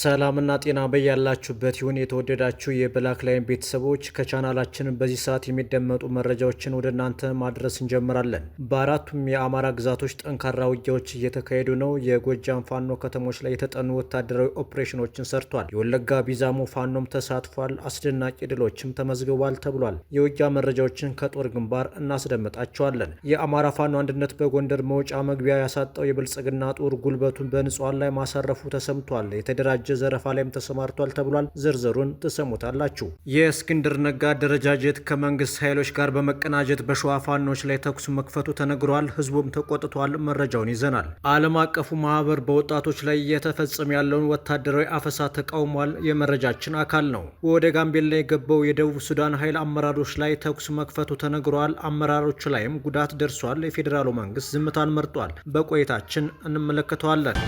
ሰላምና ጤና በያላችሁበት ይሁን። የተወደዳችሁ የብላክ ላይን ቤተሰቦች ከቻናላችን በዚህ ሰዓት የሚደመጡ መረጃዎችን ወደ እናንተ ማድረስ እንጀምራለን። በአራቱም የአማራ ግዛቶች ጠንካራ ውጊያዎች እየተካሄዱ ነው። የጎጃም ፋኖ ከተሞች ላይ የተጠኑ ወታደራዊ ኦፕሬሽኖችን ሰርቷል። የወለጋ ቢዛሞ ፋኖም ተሳትፏል። አስደናቂ ድሎችም ተመዝግቧል ተብሏል። የውጊያ መረጃዎችን ከጦር ግንባር እናስደምጣቸዋለን። የአማራ ፋኖ አንድነት በጎንደር መውጫ መግቢያ ያሳጣው የብልጽግና ጦር ጉልበቱን በንጹሃን ላይ ማሳረፉ ተሰምቷል። የተደራጀ የተደራጀ ዘረፋ ላይም ተሰማርቷል ተብሏል። ዝርዝሩን ትሰሙታላችሁ። የእስክንድር ነጋ አደረጃጀት ከመንግስት ኃይሎች ጋር በመቀናጀት በሸዋ ፋኖች ላይ ተኩስ መክፈቱ ተነግሯል። ህዝቡም ተቆጥቷል። መረጃውን ይዘናል። ዓለም አቀፉ ማህበር በወጣቶች ላይ እየተፈጸመ ያለውን ወታደራዊ አፈሳ ተቃውሟል። የመረጃችን አካል ነው። ወደ ጋምቤላ የገባው የደቡብ ሱዳን ኃይል አመራሮች ላይ ተኩስ መክፈቱ ተነግሯል። አመራሮቹ ላይም ጉዳት ደርሷል። የፌዴራሉ መንግስት ዝምታን መርጧል። በቆይታችን እንመለከተዋለን።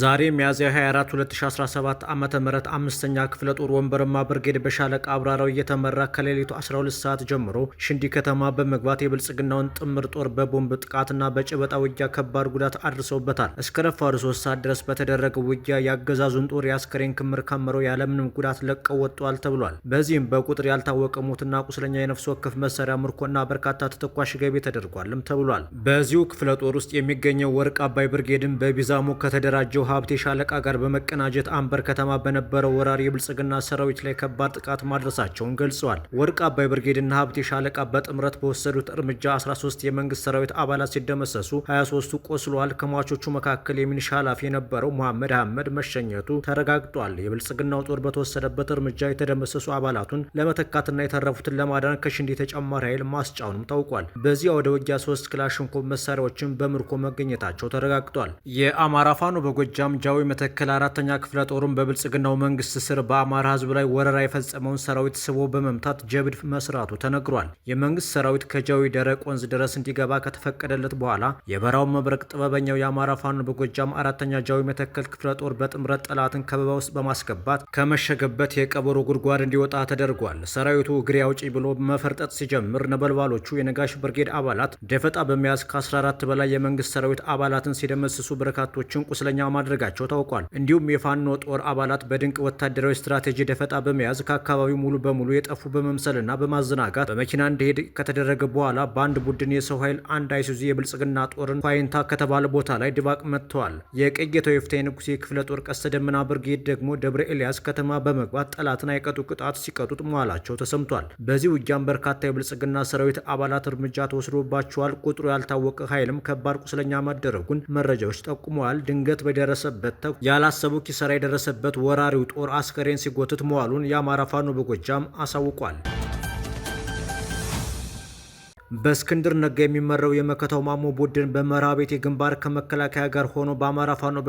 ዛሬ ሚያዝያ 24 2017 ዓ ም አምስተኛ ክፍለ ጦር ወንበርማ ብርጌድ በሻለቃ አብራራው እየተመራ ከሌሊቱ 12 ሰዓት ጀምሮ ሽንዲ ከተማ በመግባት የብልጽግናውን ጥምር ጦር በቦምብ ጥቃትና በጨበጣ ውጊያ ከባድ ጉዳት አድርሰውበታል። እስከ ረፋዱ 3 ሰዓት ድረስ በተደረገ ውጊያ የአገዛዙን ጦር የአስከሬን ክምር ከምረው ያለምንም ጉዳት ለቀው ወጥተዋል ተብሏል። በዚህም በቁጥር ያልታወቀ ሞትና ቁስለኛ የነፍስ ወከፍ መሳሪያ ምርኮና በርካታ ተተኳሽ ገቢ ተደርጓልም ተብሏል። በዚሁ ክፍለ ጦር ውስጥ የሚገኘው ወርቅ አባይ ብርጌድን በቢዛሞ ከተደራጀ ከአጀው ሀብቴ ሻለቃ ጋር በመቀናጀት አንበር ከተማ በነበረው ወራሪ የብልጽግና ሰራዊት ላይ ከባድ ጥቃት ማድረሳቸውን ገልጸዋል። ወርቅ አባይ ብርጌድና ሀብቴ ሻለቃ በጥምረት በወሰዱት እርምጃ 13 የመንግስት ሰራዊት አባላት ሲደመሰሱ 23ቱ ቆስሏል። ከሟቾቹ መካከል የሚኒሻ ኃላፊ የነበረው መሐመድ አህመድ መሸኘቱ ተረጋግጧል። የብልጽግናው ጦር በተወሰደበት እርምጃ የተደመሰሱ አባላቱን ለመተካትና የተረፉትን ለማዳን ከሽንዴ ተጨማሪ ኃይል ማስጫውንም ታውቋል። በዚህ አውደ ውጊያ ሶስት ክላሽንኮቭ መሳሪያዎችን በምርኮ መገኘታቸው ተረጋግጧል። የአማራ ፋኖ በጎ ጎጃም ጃዊ መተከል አራተኛ ክፍለ ጦሩን በብልጽግናው መንግስት ስር በአማራ ህዝብ ላይ ወረራ የፈጸመውን ሰራዊት ስቦ በመምታት ጀብድ መስራቱ ተነግሯል። የመንግስት ሰራዊት ከጃዊ ደረቅ ወንዝ ድረስ እንዲገባ ከተፈቀደለት በኋላ የበራውን መብረቅ ጥበበኛው የአማራ ፋኖ በጎጃም አራተኛ ጃዊ መተከል ክፍለ ጦር በጥምረት ጠላትን ከበባ ውስጥ በማስገባት ከመሸገበት የቀበሮ ጉድጓድ እንዲወጣ ተደርጓል። ሰራዊቱ እግሬ አውጪ ብሎ መፈርጠጥ ሲጀምር ነበልባሎቹ የነጋሽ ብርጌድ አባላት ደፈጣ በመያዝ ከ14 በላይ የመንግስት ሰራዊት አባላትን ሲደመስሱ በርካቶችን ቁስለኛ ማድረጋቸው ታውቋል። እንዲሁም የፋኖ ጦር አባላት በድንቅ ወታደራዊ ስትራቴጂ ደፈጣ በመያዝ ከአካባቢው ሙሉ በሙሉ የጠፉ በመምሰልና በማዘናጋት በመኪና እንዲሄድ ከተደረገ በኋላ በአንድ ቡድን የሰው ኃይል አንድ አይሱዚ የብልጽግና ጦርን ኳይንታ ከተባለ ቦታ ላይ ድባቅ መጥተዋል። የቀየተው የፍትሄ ንጉሴ ክፍለ ጦር ቀስተ ደመና ብርጌድ ደግሞ ደብረ ኤልያስ ከተማ በመግባት ጠላትን አይቀጡ ቅጣት ሲቀጡት መዋላቸው ተሰምቷል። በዚህ ውጊያም በርካታ የብልጽግና ሰራዊት አባላት እርምጃ ተወስዶባቸዋል። ቁጥሩ ያልታወቀ ኃይልም ከባድ ቁስለኛ ማደረጉን መረጃዎች ጠቁመዋል። ድንገት የደረሰበት ተኩስ ያላሰቡ ኪሳራ የደረሰበት ወራሪው ጦር አስከሬን ሲጎትት መዋሉን የአማራ ፋኖ በጎጃም አሳውቋል። በእስክንድር ነጋ የሚመራው የመከተው ማሞ ቡድን በመራቤቴ ግንባር ከመከላከያ ጋር ሆኖ በአማራ ፋኖ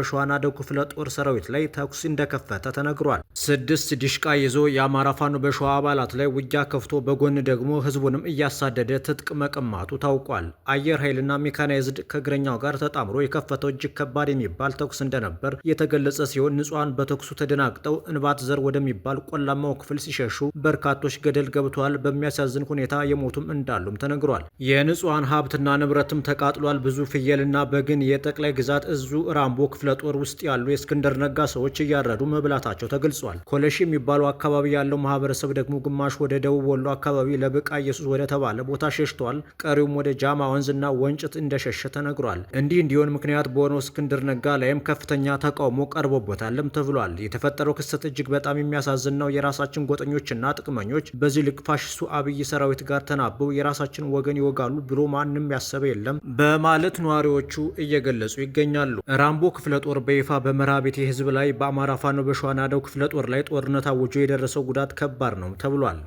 ደው ክፍለ ጦር ሰራዊት ላይ ተኩስ እንደከፈተ ተነግሯል። ስድስት ዲሽቃ ይዞ የአማራ ፋኖ በሸዋ አባላት ላይ ውጊያ ከፍቶ በጎን ደግሞ ህዝቡንም እያሳደደ ትጥቅ መቀማቱ ታውቋል። አየር ኃይልና ሜካናይዝድ ከእግረኛው ጋር ተጣምሮ የከፈተው እጅግ ከባድ የሚባል ተኩስ እንደነበር የተገለጸ ሲሆን ንጹሐን በተኩሱ ተደናግጠው እንባት ዘር ወደሚባል ቆላማው ክፍል ሲሸሹ በርካቶች ገደል ገብተዋል። በሚያሳዝን ሁኔታ የሞቱም እንዳሉም ተነግሯል። ተናግሯል። የንጹሐን ሀብትና ንብረትም ተቃጥሏል። ብዙ ፍየልና በግን የጠቅላይ ግዛት እዙ ራምቦ ክፍለ ጦር ውስጥ ያሉ የእስክንድር ነጋ ሰዎች እያረዱ መብላታቸው ተገልጿል። ኮለሺ የሚባለው አካባቢ ያለው ማህበረሰብ ደግሞ ግማሽ ወደ ደቡብ ወሎ አካባቢ ለብቃ ኢየሱስ ወደ ተባለ ቦታ ሸሽተዋል። ቀሪውም ወደ ጃማ ወንዝና ወንጭት እንደሸሸ ተነግሯል። እንዲህ እንዲሆን ምክንያት በሆነው እስክንድር ነጋ ላይም ከፍተኛ ተቃውሞ ቀርቦበታልም ተብሏል። የተፈጠረው ክስተት እጅግ በጣም የሚያሳዝን ነው። የራሳችን ጎጠኞችና ጥቅመኞች በዚህ ልክ ፋሽስቱ አብይ ሰራዊት ጋር ተናበው የራሳችን ወገን ይወጋሉ ብሎ ማንም ያሰበ የለም በማለት ነዋሪዎቹ እየገለጹ ይገኛሉ። ራምቦ ክፍለ ጦር በይፋ ቤቴ ህዝብ ላይ በአማራ ፋኖ በሸዋናደው ክፍለ ጦር ላይ ጦርነት አውጆ የደረሰው ጉዳት ከባድ ነው ተብሏል።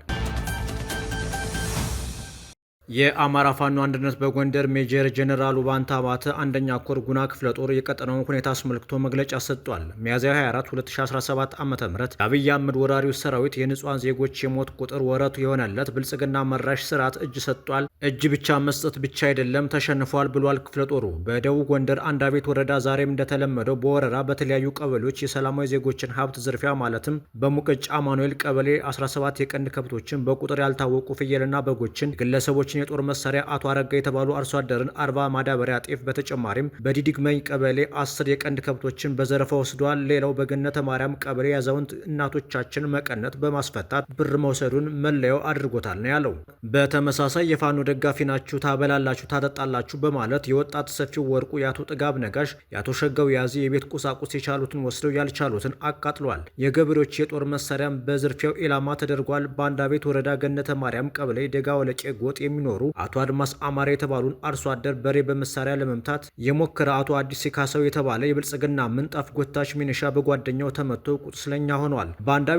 የአማራ ፋኖ አንድነት በጎንደር ሜጀር ጀኔራል ባንታ አባተ አንደኛ ኮር ጉና ክፍለ ጦር የቀጠናውን ሁኔታ አስመልክቶ መግለጫ ሰጥቷል። ሚያዝያ 24 2017 ዓ ም የአብይ አህመድ ወራሪው ሰራዊት የንጹሐን ዜጎች የሞት ቁጥር ወረቱ የሆነለት ብልጽግና መራሽ ስርዓት እጅ ሰጥቷል። እጅ ብቻ መስጠት ብቻ አይደለም ተሸንፏል ብሏል። ክፍለ ጦሩ በደቡብ ጎንደር አንዳቤት ወረዳ ዛሬም እንደተለመደው በወረራ በተለያዩ ቀበሌዎች የሰላማዊ ዜጎችን ሀብት ዝርፊያ ማለትም በሙቀጫ አማኑኤል ቀበሌ 17 የቀንድ ከብቶችን በቁጥር ያልታወቁ ፍየልና በጎችን ግለሰቦች ሌሎችን የጦር መሳሪያ አቶ አረጋ የተባሉ አርሶ አደርን አርባ ማዳበሪያ ጤፍ በተጨማሪም በዲዲግመኝ ቀበሌ አስር የቀንድ ከብቶችን በዘረፋ ወስዷል። ሌላው በገነተ ማርያም ቀበሌ ያዛውንት እናቶቻችን መቀነት በማስፈታት ብር መውሰዱን መለያው አድርጎታል ነው ያለው። በተመሳሳይ የፋኖ ደጋፊ ናችሁ፣ ታበላላችሁ፣ ታጠጣላችሁ በማለት የወጣት ሰፊው ወርቁ፣ የአቶ ጥጋብ ነጋሽ፣ የአቶ ሸጋው ያዚ የቤት ቁሳቁስ የቻሉትን ወስደው ያልቻሉትን አቃጥሏል። የገበሬዎች የጦር መሳሪያም በዝርፊያው ኢላማ ተደርጓል። በአንዳቤት ወረዳ ገነተ ማርያም ቀበሌ ደጋ ወለቄ ጎጥ የሚ የሚኖሩ አቶ አድማስ አማራ የተባሉን አርሶ አደር በሬ በመሳሪያ ለመምታት የሞከረ አቶ አዲስ ካሰው የተባለ የብልጽግና ምንጣፍ ጎታች ሚኒሻ በጓደኛው ተመቶ ቁስለኛ ሆኗል።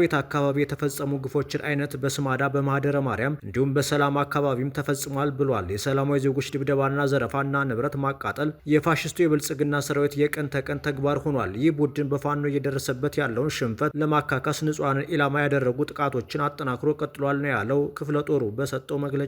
ቤት አካባቢ የተፈጸሙ ግፎችን አይነት በስማዳ በማህደረ ማርያም እንዲሁም በሰላም አካባቢም ተፈጽሟል ብሏል። የሰላማዊ ዜጎች ድብደባና ዘረፋና ንብረት ማቃጠል የፋሽስቱ የብልጽግና ሰራዊት የቀን ተቀን ተግባር ሆኗል። ይህ ቡድን በፋኖ እየደረሰበት ያለውን ሽንፈት ለማካካስ ንጹሐንን ኢላማ ያደረጉ ጥቃቶችን አጠናክሮ ቀጥሏል ነው ያለው ክፍለ ጦሩ በሰጠው መግለጫ።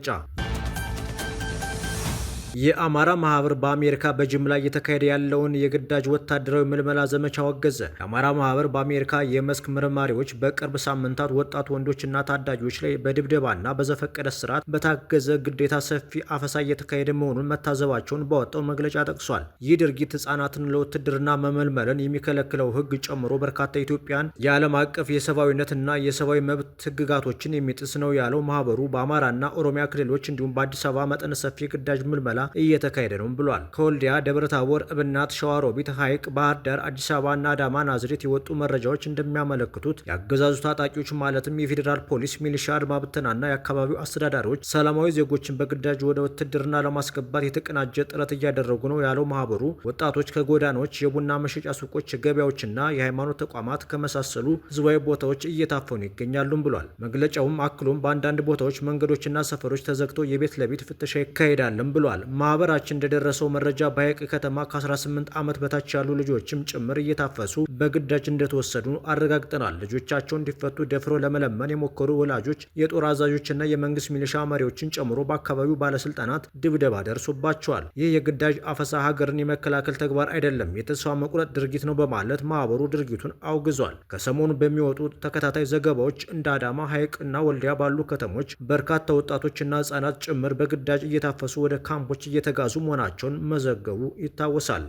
የአማራ ማህበር በአሜሪካ በጅምላ እየተካሄደ ያለውን የግዳጅ ወታደራዊ ምልመላ ዘመቻ ወገዘ። የአማራ ማህበር በአሜሪካ የመስክ ምርማሪዎች በቅርብ ሳምንታት ወጣት ወንዶችና ታዳጊዎች ላይ በድብደባና በዘፈቀደ ስርዓት በታገዘ ግዴታ ሰፊ አፈሳ እየተካሄደ መሆኑን መታዘባቸውን በወጣው መግለጫ ጠቅሷል። ይህ ድርጊት ህጻናትን ለውትድርና መመልመልን የሚከለክለው ህግ ጨምሮ በርካታ ኢትዮጵያን የዓለም አቀፍ የሰብአዊነትና የሰብአዊ መብት ህግጋቶችን የሚጥስ ነው ያለው ማህበሩ በአማራና ኦሮሚያ ክልሎች እንዲሁም በአዲስ አበባ መጠነ ሰፊ ግዳጅ ምልመላ እየተካሄደ ነው ብሏል። ከወልዲያ ደብረታቦር፣ እብናት፣ ሸዋሮቢት፣ ሐይቅ፣ ባህር ዳር፣ አዲስ አበባና አዳማ ናዝሬት የወጡ መረጃዎች እንደሚያመለክቱት የአገዛዙ ታጣቂዎች ማለትም የፌዴራል ፖሊስ፣ ሚሊሻ፣ አድማ ብተናና የአካባቢው አስተዳዳሪዎች ሰላማዊ ዜጎችን በግዳጅ ወደ ውትድርና ለማስገባት የተቀናጀ ጥረት እያደረጉ ነው ያለው ማህበሩ ወጣቶች ከጎዳናዎች፣ የቡና መሸጫ ሱቆች፣ ገበያዎችና የሃይማኖት ተቋማት ከመሳሰሉ ህዝባዊ ቦታዎች እየታፈኑ ይገኛሉም ብሏል። መግለጫውም አክሎም በአንዳንድ ቦታዎች መንገዶችና ሰፈሮች ተዘግተው የቤት ለቤት ፍተሻ ይካሄዳልም ብሏል። ማህበራችን እንደደረሰው መረጃ በሀይቅ ከተማ ከ18 ዓመት በታች ያሉ ልጆችም ጭምር እየታፈሱ በግዳጅ እንደተወሰዱ አረጋግጠናል። ልጆቻቸው እንዲፈቱ ደፍሮ ለመለመን የሞከሩ ወላጆች፣ የጦር አዛዦችና የመንግስት ሚሊሻ መሪዎችን ጨምሮ በአካባቢው ባለስልጣናት ድብደባ ደርሶባቸዋል። ይህ የግዳጅ አፈሳ ሀገርን የመከላከል ተግባር አይደለም፣ የተስፋ መቁረጥ ድርጊት ነው በማለት ማህበሩ ድርጊቱን አውግዟል። ከሰሞኑ በሚወጡ ተከታታይ ዘገባዎች እንደ አዳማ፣ ሀይቅ እና ወልዲያ ባሉ ከተሞች በርካታ ወጣቶችና ህጻናት ጭምር በግዳጅ እየታፈሱ ወደ ካምፖች እየተጋዙ መሆናቸውን መዘገቡ ይታወሳል።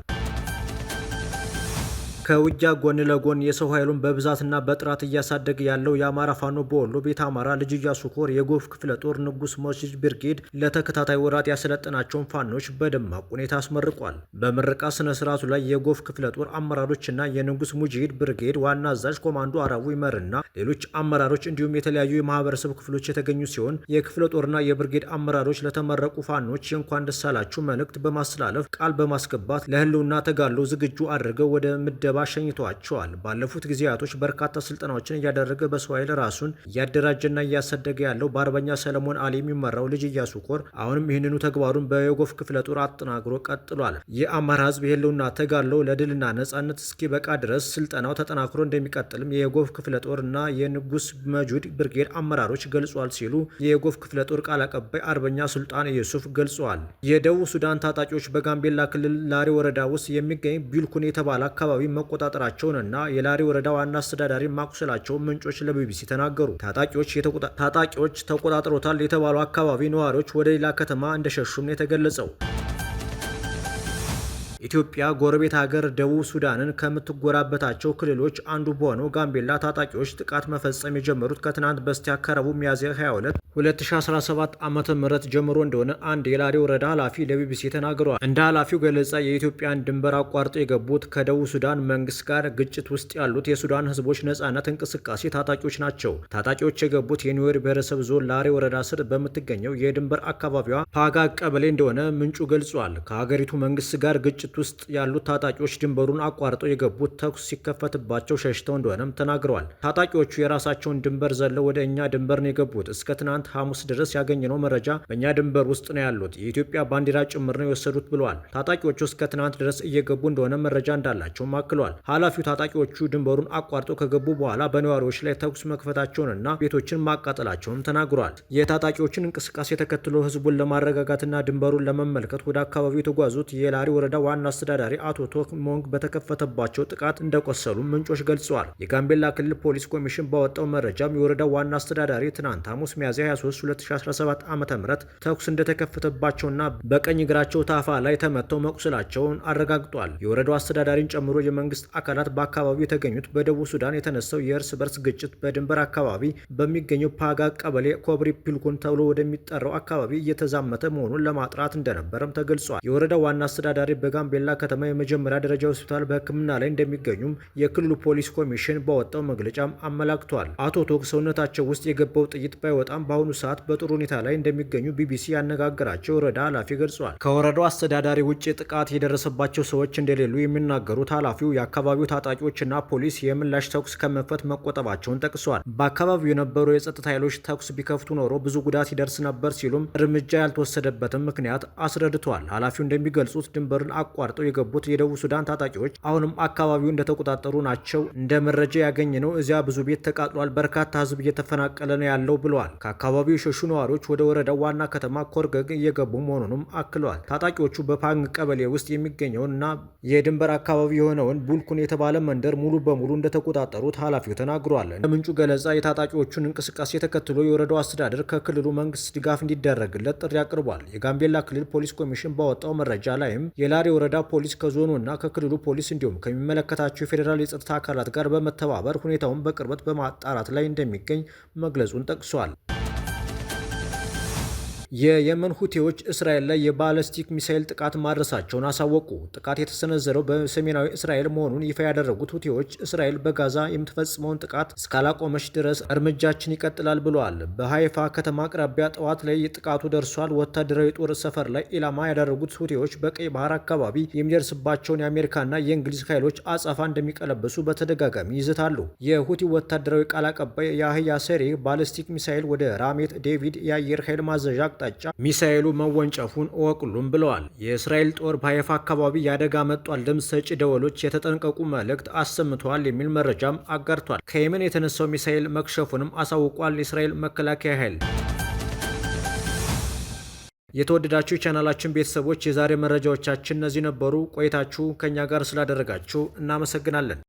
ከውጊያ ጎን ለጎን የሰው ኃይሉን በብዛትና በጥራት እያሳደገ ያለው የአማራ ፋኖ በወሎ ቤት አማራ ልጅ ኢያሱ ኮር የጎፍ ክፍለ ጦር ንጉስ ሞጅ ብርጌድ ለተከታታይ ወራት ያሰለጠናቸውን ፋኖች በደማቅ ሁኔታ አስመርቋል። በምረቃ ስነ ስርዓቱ ላይ የጎፍ ክፍለ ጦር አመራሮችና የንጉስ ሙጅሂድ ብርጌድ ዋና አዛዥ ኮማንዶ አራዊ መርና ሌሎች አመራሮች እንዲሁም የተለያዩ የማህበረሰብ ክፍሎች የተገኙ ሲሆን የክፍለ ጦርና የብርጌድ አመራሮች ለተመረቁ ፋኖች የእንኳን ደሳላችሁ መልእክት በማስተላለፍ ቃል በማስገባት ለህልውና ተጋድሎ ዝግጁ አድርገው ወደ ምደባ በስብሰባ አሸኝቷቸዋል። ባለፉት ጊዜያቶች በርካታ ስልጠናዎችን እያደረገ በሰው ኃይል ራሱን እያደራጀና እያሳደገ ያለው በአርበኛ ሰለሞን አሊ የሚመራው ልጅ እያሱ ኮር አሁንም ይህንኑ ተግባሩን በየጎፍ ክፍለ ጦር አጠናክሮ ቀጥሏል። የአማራ ህዝብ የህልውና ተጋድሎ ለድልና ነጻነት እስኪበቃ ድረስ ስልጠናው ተጠናክሮ እንደሚቀጥልም የየጎፍ ክፍለ እና የንጉስ መጁድ ብርጌድ አመራሮች ገልጿል ሲሉ የየጎፍ ክፍለ ጦር ቃል አቀባይ አርበኛ ሱልጣን ዩሱፍ ገልጿል። የደቡብ ሱዳን ታጣቂዎች በጋምቤላ ክልል ላሪ ወረዳ ውስጥ የሚገኝ ቢልኩን የተባለ አካባቢ መ። መቆጣጠራቸውንና የላሪ ወረዳ ዋና አስተዳዳሪ ማቁሰላቸውን ምንጮች ለቢቢሲ ተናገሩ። ታጣቂዎች ተቆጣጥሮታል የተባሉ አካባቢ ነዋሪዎች ወደ ሌላ ከተማ እንደሸሹም ነው የተገለጸው። ኢትዮጵያ ጎረቤት ሀገር ደቡብ ሱዳንን ከምትጎራበታቸው ክልሎች አንዱ በሆነው ጋምቤላ ታጣቂዎች ጥቃት መፈጸም የጀመሩት ከትናንት በስቲያ ከረቡዕ ሚያዝያ 22 2017 ዓ ም ጀምሮ እንደሆነ አንድ የላሬ ወረዳ ኃላፊ ለቢቢሲ ተናግረዋል። እንደ ኃላፊው ገለጻ የኢትዮጵያን ድንበር አቋርጦ የገቡት ከደቡብ ሱዳን መንግስት ጋር ግጭት ውስጥ ያሉት የሱዳን ህዝቦች ነጻነት እንቅስቃሴ ታጣቂዎች ናቸው። ታጣቂዎች የገቡት የኒዌር ብሔረሰብ ዞን ላሬ ወረዳ ስር በምትገኘው የድንበር አካባቢዋ ፓጋ ቀበሌ እንደሆነ ምንጩ ገልጿል። ከሀገሪቱ መንግስት ጋር ግጭት ውስጥ ያሉት ታጣቂዎች ድንበሩን አቋርጠው የገቡት ተኩስ ሲከፈትባቸው ሸሽተው እንደሆነም ተናግረዋል። ታጣቂዎቹ የራሳቸውን ድንበር ዘለው ወደ እኛ ድንበር ነው የገቡት። እስከ ትናንት ሐሙስ ድረስ ያገኘነው መረጃ በእኛ ድንበር ውስጥ ነው ያሉት፣ የኢትዮጵያ ባንዲራ ጭምር ነው የወሰዱት ብለዋል። ታጣቂዎቹ እስከ ትናንት ድረስ እየገቡ እንደሆነ መረጃ እንዳላቸውም አክለዋል። ኃላፊው ታጣቂዎቹ ድንበሩን አቋርጠው ከገቡ በኋላ በነዋሪዎች ላይ ተኩስ መክፈታቸውንና ቤቶችን ማቃጠላቸውንም ተናግሯል። የታጣቂዎችን እንቅስቃሴ ተከትሎ ህዝቡን ለማረጋጋትና ድንበሩን ለመመልከት ወደ አካባቢው የተጓዙት የላሪ ወረዳ ዋና ዋና አስተዳዳሪ አቶ ቶክ ሞንግ በተከፈተባቸው ጥቃት እንደቆሰሉ ምንጮች ገልጸዋል። የጋምቤላ ክልል ፖሊስ ኮሚሽን ባወጣው መረጃም የወረዳው ዋና አስተዳዳሪ ትናንት ሐሙስ ሚያዝያ 23 2017 ዓ ም ተኩስ እንደተከፈተባቸውና በቀኝ እግራቸው ታፋ ላይ ተመተው መቁሰላቸውን አረጋግጧል። የወረዳው አስተዳዳሪን ጨምሮ የመንግስት አካላት በአካባቢው የተገኙት በደቡብ ሱዳን የተነሳው የእርስ በርስ ግጭት በድንበር አካባቢ በሚገኘው ፓጋ ቀበሌ ኮብሪ ፒልኩን ተብሎ ወደሚጠራው አካባቢ እየተዛመተ መሆኑን ለማጥራት እንደነበረም ተገልጿል። የወረዳው ዋና አስተዳዳሪ በጋ በጋምቤላ ከተማ የመጀመሪያ ደረጃ ሆስፒታል በሕክምና ላይ እንደሚገኙም የክልሉ ፖሊስ ኮሚሽን በወጣው መግለጫም አመላክቷል። አቶ ቶክ ሰውነታቸው ውስጥ የገባው ጥይት ባይወጣም በአሁኑ ሰዓት በጥሩ ሁኔታ ላይ እንደሚገኙ ቢቢሲ ያነጋገራቸው ወረዳ ኃላፊ ገልጿል። ከወረዳው አስተዳዳሪ ውጭ ጥቃት የደረሰባቸው ሰዎች እንደሌሉ የሚናገሩት ኃላፊው የአካባቢው ታጣቂዎችና ፖሊስ የምላሽ ተኩስ ከመክፈት መቆጠባቸውን ጠቅሷል። በአካባቢው የነበሩ የጸጥታ ኃይሎች ተኩስ ቢከፍቱ ኖሮ ብዙ ጉዳት ይደርስ ነበር ሲሉም እርምጃ ያልተወሰደበትም ምክንያት አስረድቷል። ኃላፊው እንደሚገልጹት ድንበርን አቋ አቋርጠው የገቡት የደቡብ ሱዳን ታጣቂዎች አሁንም አካባቢው እንደተቆጣጠሩ ናቸው። እንደ መረጃ ያገኘ ነው እዚያ ብዙ ቤት ተቃጥሏል፣ በርካታ ህዝብ እየተፈናቀለ ነው ያለው ብለዋል። ከአካባቢው የሸሹ ነዋሪዎች ወደ ወረዳው ዋና ከተማ ኮርገግ እየገቡ መሆኑንም አክለዋል። ታጣቂዎቹ በፓንግ ቀበሌ ውስጥ የሚገኘውን እና የድንበር አካባቢ የሆነውን ቡልኩን የተባለ መንደር ሙሉ በሙሉ እንደተቆጣጠሩት ኃላፊው ተናግሯል። ለምንጩ ገለጻ የታጣቂዎቹን እንቅስቃሴ ተከትሎ የወረዳው አስተዳደር ከክልሉ መንግስት ድጋፍ እንዲደረግለት ጥሪ አቅርቧል። የጋምቤላ ክልል ፖሊስ ኮሚሽን ባወጣው መረጃ ላይም የላሪ ወረዳ ወረዳ ፖሊስ ከዞኑ እና ከክልሉ ፖሊስ እንዲሁም ከሚመለከታቸው የፌዴራል የጸጥታ አካላት ጋር በመተባበር ሁኔታውን በቅርበት በማጣራት ላይ እንደሚገኝ መግለጹን ጠቅሷል። የየመን ሁቴዎች እስራኤል ላይ የባለስቲክ ሚሳይል ጥቃት ማድረሳቸውን አሳወቁ። ጥቃት የተሰነዘረው በሰሜናዊ እስራኤል መሆኑን ይፋ ያደረጉት ሁቴዎች እስራኤል በጋዛ የምትፈጽመውን ጥቃት እስካላቆመች ድረስ እርምጃችን ይቀጥላል ብለዋል። በሀይፋ ከተማ አቅራቢያ ጠዋት ላይ ጥቃቱ ደርሷል። ወታደራዊ ጦር ሰፈር ላይ ኢላማ ያደረጉት ሁቴዎች በቀይ ባህር አካባቢ የሚደርስባቸውን የአሜሪካና የእንግሊዝ ኃይሎች አጸፋ እንደሚቀለብሱ በተደጋጋሚ ይዝታሉ። የሁቲ ወታደራዊ ቃል አቀባይ ያህያ ሰሬ ባለስቲክ ሚሳይል ወደ ራሜት ዴቪድ የአየር ኃይል ማዘዣ አቅጣጫ ሚሳኤሉ መወንጨፉን እወቁሉም ብለዋል። የእስራኤል ጦር በሀይፋ አካባቢ የአደጋ መጧል ድምፅ ሰጪ ደወሎች የተጠንቀቁ መልእክት አሰምተዋል የሚል መረጃም አጋርቷል። ከየመን የተነሳው ሚሳኤል መክሸፉንም አሳውቋል የእስራኤል መከላከያ ኃይል። የተወደዳችሁ ቻናላችን ቤተሰቦች የዛሬ መረጃዎቻችን እነዚህ ነበሩ። ቆይታችሁ ከእኛ ጋር ስላደረጋችሁ እናመሰግናለን።